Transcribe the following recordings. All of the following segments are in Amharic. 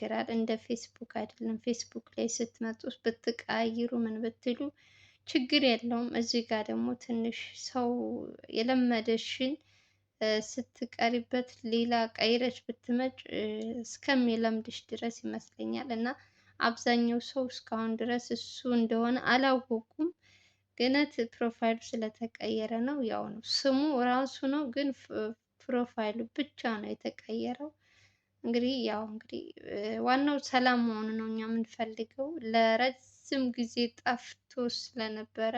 ይቸግራል። እንደ ፌስቡክ አይደለም። ፌስቡክ ላይ ስትመጡ ብትቀያይሩ ምን ብትሉ ችግር የለውም። እዚህ ጋር ደግሞ ትንሽ ሰው የለመደሽን ስትቀሪበት ሌላ ቀይረች ብትመጭ እስከሚለምድሽ ድረስ ይመስለኛል። እና አብዛኛው ሰው እስካሁን ድረስ እሱ እንደሆነ አላወቁም። ግነት ፕሮፋይሉ ስለተቀየረ ነው። ያው ነው ስሙ ራሱ ነው፣ ግን ፕሮፋይሉ ብቻ ነው የተቀየረው። እንግዲህ ያው እንግዲህ ዋናው ሰላም መሆኑ ነው እኛ የምንፈልገው። ለረጅም ጊዜ ጠፍቶ ስለነበረ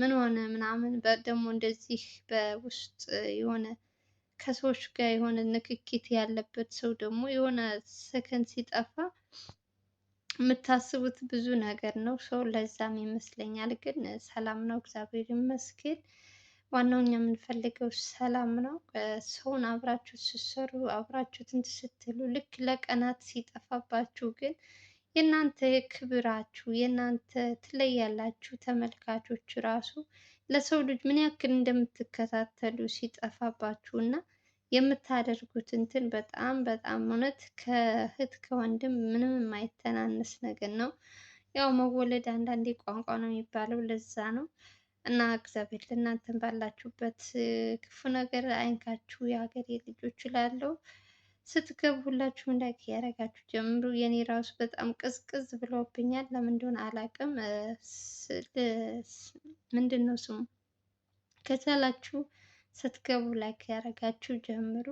ምን ሆነ ምናምን ደግሞ እንደዚህ በውስጥ የሆነ ከሰዎች ጋር የሆነ ንክኪት ያለበት ሰው ደግሞ የሆነ ሰከንድ ሲጠፋ የምታስቡት ብዙ ነገር ነው። ሰው ለዛም ይመስለኛል። ግን ሰላም ነው፣ እግዚአብሔር ይመስገን። ዋናው እኛ የምንፈልገው ሰላም ነው። ሰውን አብራችሁ ስትሰሩ አብራችሁ ስትሉ ልክ ለቀናት ሲጠፋባችሁ ግን የእናንተ ክብራችሁ የእናንተ ትለያላችሁ። ተመልካቾች ራሱ ለሰው ልጅ ምን ያክል እንደምትከታተሉ ሲጠፋባችሁ እና የምታደርጉት እንትን በጣም በጣም እውነት ከእህት ከወንድም ምንም የማይተናነስ ነገር ነው። ያው መወለድ አንዳንዴ ቋንቋ ነው የሚባለው፣ ለዛ ነው። እና እግዚአብሔር ለእናንተን ባላችሁበት ክፉ ነገር አይንካችሁ የሀገሬ ልጆች ላለው ስትገቡ ሁላችሁም ላይክ ያደረጋችሁ ጀምሩ። የኔ ራሱ በጣም ቅዝቅዝ ብሎብኛል ለምን እንደሆነ አላውቅም። ምንድን ነው ስሙ? ከቻላችሁ ስትገቡ ላይክ ያደረጋችሁ ጀምሩ።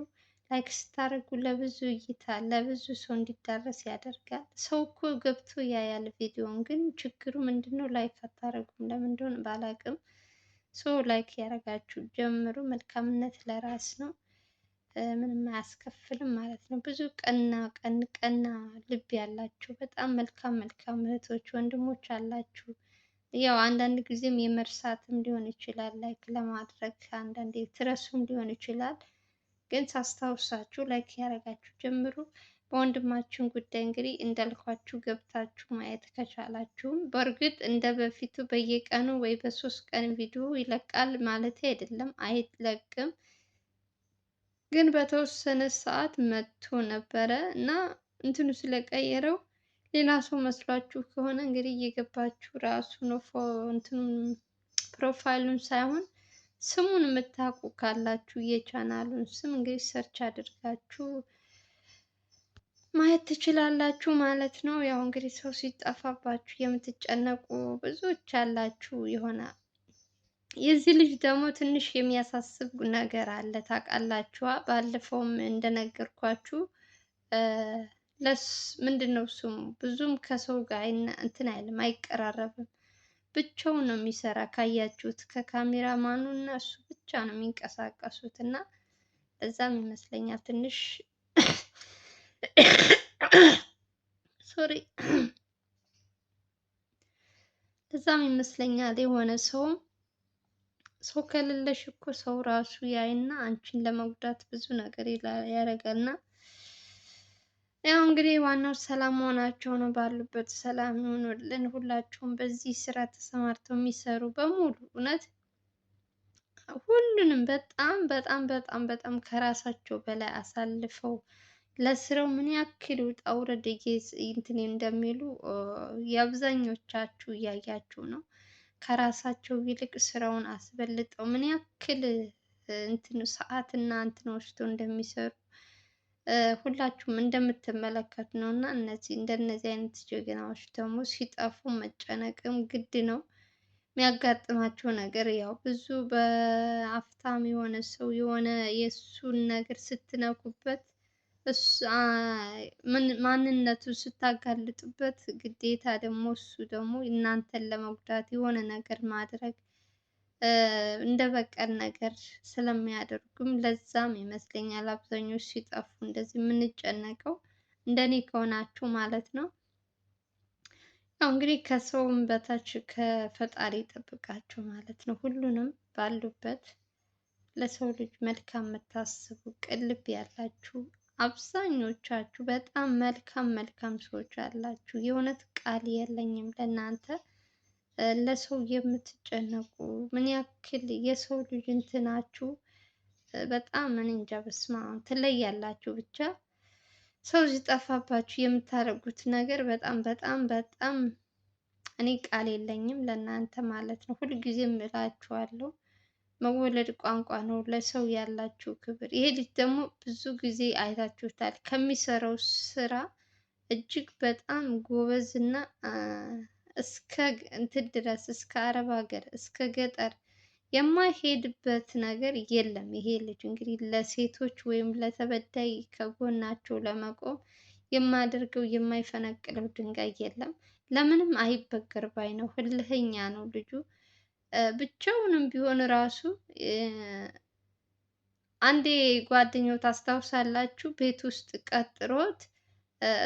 ላይክ ስታደርጉ ለብዙ እይታ ለብዙ ሰው እንዲዳረስ ያደርጋል። ሰው እኮ ገብቶ ያያል ቪዲዮን፣ ግን ችግሩ ምንድን ነው? ላይክ አታደርጉም። ለምን እንደሆነ ባላቅም ሰው ላይክ ያደርጋችሁ ጀምሩ። መልካምነት ለራስ ነው፣ ምንም አያስከፍልም ማለት ነው። ብዙ ቀና ቀን ቀና ልብ ያላችሁ በጣም መልካም መልካም እህቶች ወንድሞች አላችሁ። ያው አንዳንድ ጊዜም የመርሳትም ሊሆን ይችላል ላይክ ለማድረግ አንዳንዴ ትረሱም ሊሆን ይችላል። ግን ሳስታውሳችሁ ላይክ ያደረጋችሁ ጀምሩ። በወንድማችን ጉዳይ እንግዲህ እንዳልኳችሁ ገብታችሁ ማየት ከቻላችሁም፣ በእርግጥ እንደ በፊቱ በየቀኑ ወይ በሶስት ቀን ቪዲዮ ይለቃል ማለት አይደለም፣ አይለቅም። ግን በተወሰነ ሰዓት መጥቶ ነበረ እና እንትኑ ስለቀየረው ሌላ ሰው መስሏችሁ ከሆነ እንግዲህ እየገባችሁ ራሱ ነው እንትኑ ፕሮፋይሉን ሳይሆን ስሙን የምታውቁ ካላችሁ የቻናሉን ስም እንግዲህ ሰርች አድርጋችሁ ማየት ትችላላችሁ ማለት ነው። ያው እንግዲህ ሰው ሲጠፋባችሁ የምትጨነቁ ብዙዎች ያላችሁ የሆነ የዚህ ልጅ ደግሞ ትንሽ የሚያሳስብ ነገር አለ ታውቃላችኋ። ባለፈውም እንደነገርኳችሁ ለስ ምንድን ነው ስሙ ብዙም ከሰው ጋር እንትን አይልም አይቀራረብም። ብቻው ነው የሚሰራ። ካያችሁት ከካሜራማኑ እና እሱ ብቻ ነው የሚንቀሳቀሱት እና እዛም ይመስለኛል ትንሽ ሶሪ፣ እዛም ይመስለኛል የሆነ ሰው ሰው ከሌለሽ እኮ ሰው ራሱ ያይና አንቺን ለመጉዳት ብዙ ነገር ያደርጋል እና ያው እንግዲህ ዋናው ሰላም መሆናቸው ነው። ባሉበት ሰላም ይሆኑልን። ሁላችሁም በዚህ ስራ ተሰማርተው የሚሰሩ በሙሉ እውነት ሁሉንም በጣም በጣም በጣም በጣም ከራሳቸው በላይ አሳልፈው ለስራው ምን ያክል ውጣ ውረድ እንትን እንደሚሉ የአብዛኞቻችሁ እያያችሁ ነው። ከራሳቸው ይልቅ ስራውን አስበልጠው ምን ያክል እንትን ሰዓትና እንትን ወስዶ እንደሚሰሩ ሁላችሁም እንደምትመለከቱ ነው። እና እነዚህ እንደነዚህ አይነት ጀግናዎች ደግሞ ሲጠፉ መጨነቅም ግድ ነው። የሚያጋጥማቸው ነገር ያው ብዙ በአፍታም የሆነ ሰው የሆነ የእሱን ነገር ስትነኩበት ማንነቱ ስታጋልጡበት ግዴታ ደግሞ እሱ ደግሞ እናንተን ለመጉዳት የሆነ ነገር ማድረግ እንደ በቀል ነገር ስለሚያደርጉም ለዛም ይመስለኛል አብዛኞቹ ሲጠፉ እንደዚህ የምንጨነቀው እንደኔ ከሆናችሁ ማለት ነው። ያው እንግዲህ ከሰውም በታች ከፈጣሪ ይጠብቃችሁ ማለት ነው። ሁሉንም ባሉበት ለሰው ልጅ መልካም የምታስቡ ቅልብ ያላችሁ አብዛኞቻችሁ በጣም መልካም መልካም ሰዎች አላችሁ። የእውነት ቃል የለኝም ለእናንተ ለሰው የምትጨነቁ ምን ያክል የሰው ልጅ እንትናችሁ በጣም እኔ እንጃ፣ በስመ ትለያላችሁ። ብቻ ሰው ሲጠፋባችሁ የምታደርጉት ነገር በጣም በጣም በጣም እኔ ቃል የለኝም ለእናንተ ማለት ነው። ሁልጊዜም እላችኋለሁ መወለድ ቋንቋ ነው። ለሰው ያላችሁ ክብር። ይሄ ልጅ ደግሞ ብዙ ጊዜ አይታችሁታል። ከሚሰራው ስራ እጅግ በጣም ጎበዝ እና እስከ እንትን ድረስ እስከ አረብ ሀገር እስከ ገጠር የማይሄድበት ነገር የለም። ይሄ ልጅ እንግዲህ ለሴቶች ወይም ለተበዳይ ከጎናቸው ለመቆም የማደርገው የማይፈነቅለው ድንጋይ የለም። ለምንም አይበገር ባይ ነው። ህልህኛ ነው ልጁ። ብቻውንም ቢሆን ራሱ አንዴ ጓደኛው ታስታውሳላችሁ፣ ቤት ውስጥ ቀጥሮት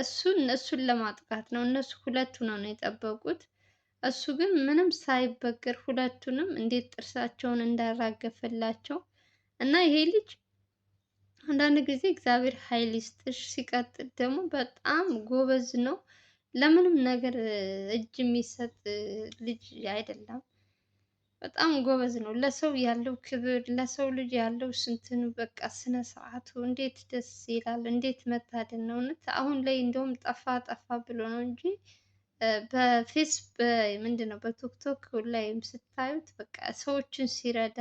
እሱን እሱን ለማጥቃት ነው። እነሱ ሁለቱ ነው ነው የጠበቁት። እሱ ግን ምንም ሳይበገር ሁለቱንም እንዴት ጥርሳቸውን እንዳራገፈላቸው እና ይሄ ልጅ አንዳንድ ጊዜ እግዚአብሔር ኃይል ይስጥሽ። ሲቀጥል ደግሞ በጣም ጎበዝ ነው። ለምንም ነገር እጅ የሚሰጥ ልጅ አይደለም። በጣም ጎበዝ ነው። ለሰው ያለው ክብር፣ ለሰው ልጅ ያለው ስንትኑ በቃ ስነ ስርዓቱ እንዴት ደስ ይላል! እንዴት መታደል ነው እውነት። አሁን ላይ እንደውም ጠፋ ጠፋ ብሎ ነው እንጂ በፌስ ምንድን ነው በቲክቶክ ላይም ስታዩት በቃ ሰዎችን ሲረዳ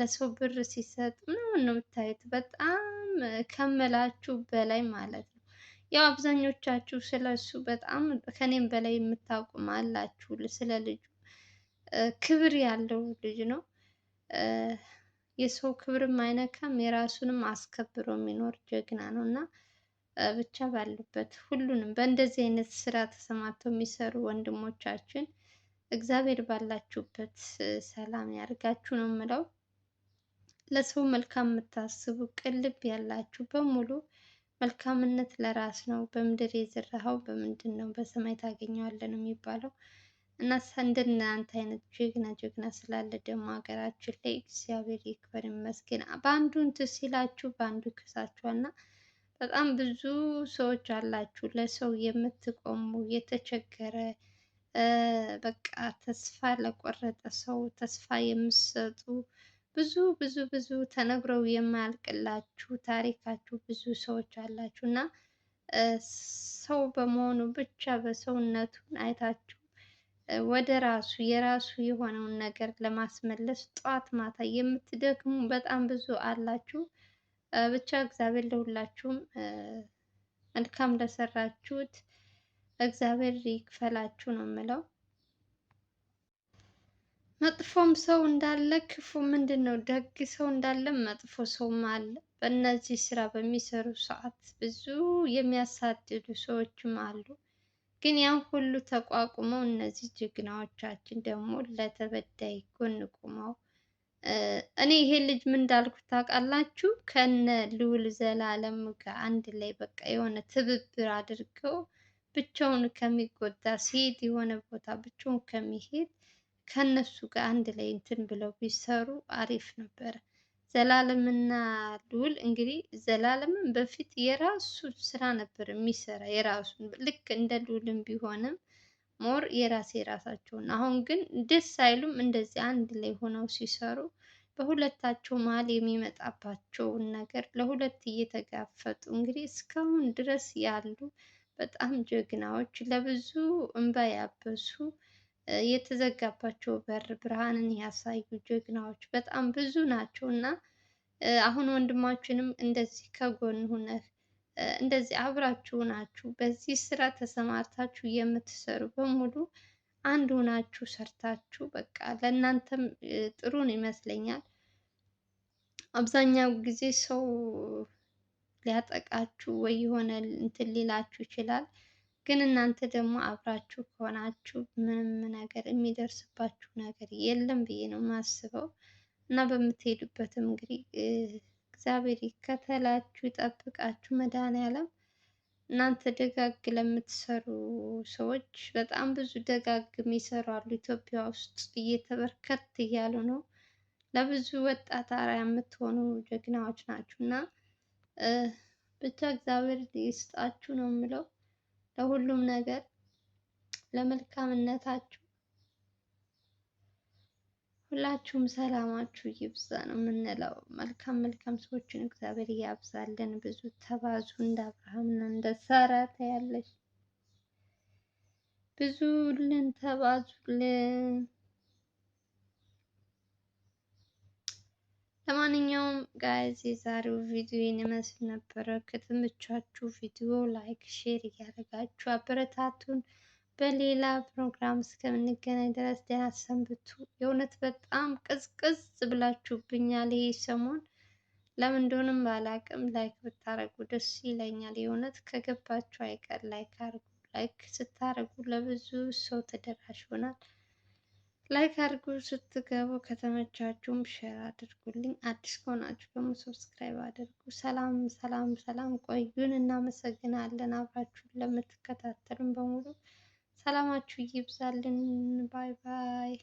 ለሰው ብር ሲሰጥ ምናምን ነው የምታዩት። በጣም ከመላችሁ በላይ ማለት ነው። ያው አብዛኞቻችሁ ስለሱ በጣም ከኔም በላይ የምታውቁም አላችሁ ስለ ልጁ ክብር ያለው ልጅ ነው። የሰው ክብርም አይነካም፣ የራሱንም አስከብሮ የሚኖር ጀግና ነው እና ብቻ ባሉበት ሁሉንም በእንደዚህ አይነት ስራ ተሰማርተው የሚሰሩ ወንድሞቻችን እግዚአብሔር ባላችሁበት ሰላም ያድርጋችሁ ነው የምለው። ለሰው መልካም የምታስቡ ቅልብ ያላችሁ በሙሉ መልካምነት ለራስ ነው። በምድር የዘራኸው በምንድን ነው በሰማይ ታገኘዋለህ ነው የሚባለው። እና እንደናንተ አይነት ጀግና ጀግና ስላለ ደግሞ ሀገራችን ላይ እግዚአብሔር ይክበር ይመስገን። በአንዱ እንትን ሲላችሁ በአንዱ ይክሳችኋል እና በጣም ብዙ ሰዎች አላችሁ ለሰው የምትቆሙ የተቸገረ በቃ ተስፋ ለቆረጠ ሰው ተስፋ የምትሰጡ ብዙ ብዙ ብዙ ተነግረው የማያልቅላችሁ ታሪካችሁ ብዙ ሰዎች አላችሁ እና ሰው በመሆኑ ብቻ በሰውነቱን አይታችሁ ወደ ራሱ የራሱ የሆነውን ነገር ለማስመለስ ጠዋት ማታ የምትደክሙ በጣም ብዙ አላችሁ። ብቻ እግዚአብሔር ለሁላችሁም መልካም ለሰራችሁት እግዚአብሔር ይክፈላችሁ ነው የምለው። መጥፎም ሰው እንዳለ ክፉ ምንድን ነው ደግ ሰው እንዳለ መጥፎ ሰውም አለ። በእነዚህ ስራ በሚሰሩ ሰዓት ብዙ የሚያሳድዱ ሰዎችም አሉ። ግን ያን ሁሉ ተቋቁመው እነዚህ ጀግናዎቻችን ደግሞ ለተበዳይ ጎን ቁመው እኔ ይሄ ልጅ ምን እንዳልኩት ታውቃላችሁ? ከነ ልዑል ዘላለም ጋር አንድ ላይ በቃ የሆነ ትብብር አድርገው ብቻውን ከሚጎዳ ሲሄድ የሆነ ቦታ ብቻውን ከሚሄድ ከነሱ ጋር አንድ ላይ እንትን ብለው ቢሰሩ አሪፍ ነበረ። ዘላለምና ልዑል እንግዲህ ዘላለምን በፊት የራሱ ስራ ነበር የሚሰራ የራሱ ልክ እንደ ልዑልም ቢሆንም ሞር የራሴ የራሳቸውን አሁን ግን ደስ አይሉም። እንደዚህ አንድ ላይ ሆነው ሲሰሩ በሁለታቸው መሀል የሚመጣባቸውን ነገር ለሁለት እየተጋፈጡ እንግዲህ እስካሁን ድረስ ያሉ በጣም ጀግናዎች ለብዙ እንባ ያበሱ የተዘጋባቸው በር ብርሃንን ያሳዩ ጀግናዎች በጣም ብዙ ናቸው እና አሁን ወንድማችንም እንደዚህ ከጎን ሁነህ እንደዚህ አብራችሁ ናችሁ በዚህ ስራ ተሰማርታችሁ የምትሰሩ በሙሉ አንድ ሆናችሁ ሰርታችሁ በቃ ለእናንተም ጥሩን ይመስለኛል። አብዛኛው ጊዜ ሰው ሊያጠቃችሁ ወይ የሆነ እንትን ሊላችሁ ይችላል። ግን እናንተ ደግሞ አብራችሁ ከሆናችሁ ምንም ነገር የሚደርስባችሁ ነገር የለም ብዬ ነው የማስበው። እና በምትሄዱበትም እንግዲህ እግዚአብሔር ይከተላችሁ ይጠብቃችሁ። መድኃኒዓለም እናንተ ደጋግ ለምትሰሩ ሰዎች በጣም ብዙ ደጋግ የሚሰሩ አሉ። ኢትዮጵያ ውስጥ እየተበርከት እያሉ ነው። ለብዙ ወጣት አርአያ የምትሆኑ ጀግናዎች ናችሁ እና ብቻ እግዚአብሔር ይስጣችሁ ነው የምለው። ለሁሉም ነገር ለመልካምነታችሁ ሁላችሁም ሰላማችሁ ይብዛ ነው የምንለው። መልካም መልካም ሰዎችን እግዚአብሔር ያብዛልን። ብዙ ተባዙ፣ እንደ አብርሃምና እንደ ሳራ ያለች ብዙልን፣ ተባዙልን። ለማንኛውም ጋይዝ የዛሬው ቪዲዮ ይህን ይመስል ነበረ። ከተመቻችሁ ቪዲዮ ላይክ፣ ሼር እያደረጋችሁ አበረታቱን። በሌላ ፕሮግራም እስከምንገናኝ ድረስ ደህና ሰንብቱ። የእውነት በጣም ቅዝቅዝ ብላችሁብኛል ይሄ ሰሞን። ለምን እንደሆነም ባላቅም ላይክ ብታደርጉ ደስ ይለኛል። የእውነት ከገባችሁ አይቀር ላይክ አድርጉ። ላይክ ስታደርጉ ለብዙ ሰው ተደራሽ ይሆናል። ላይክ አድርጉ ስትገቡ፣ ከተመቻችሁም ሼር አድርጉልኝ። አዲስ ከሆናችሁ ደግሞ ሰብስክራይብ አድርጉ። ሰላም ሰላም ሰላም፣ ቆዩን። እናመሰግናለን አብራችሁን ለምትከታተሉን በሙሉ ሰላማችሁ ይብዛልን። ባይ ባይ።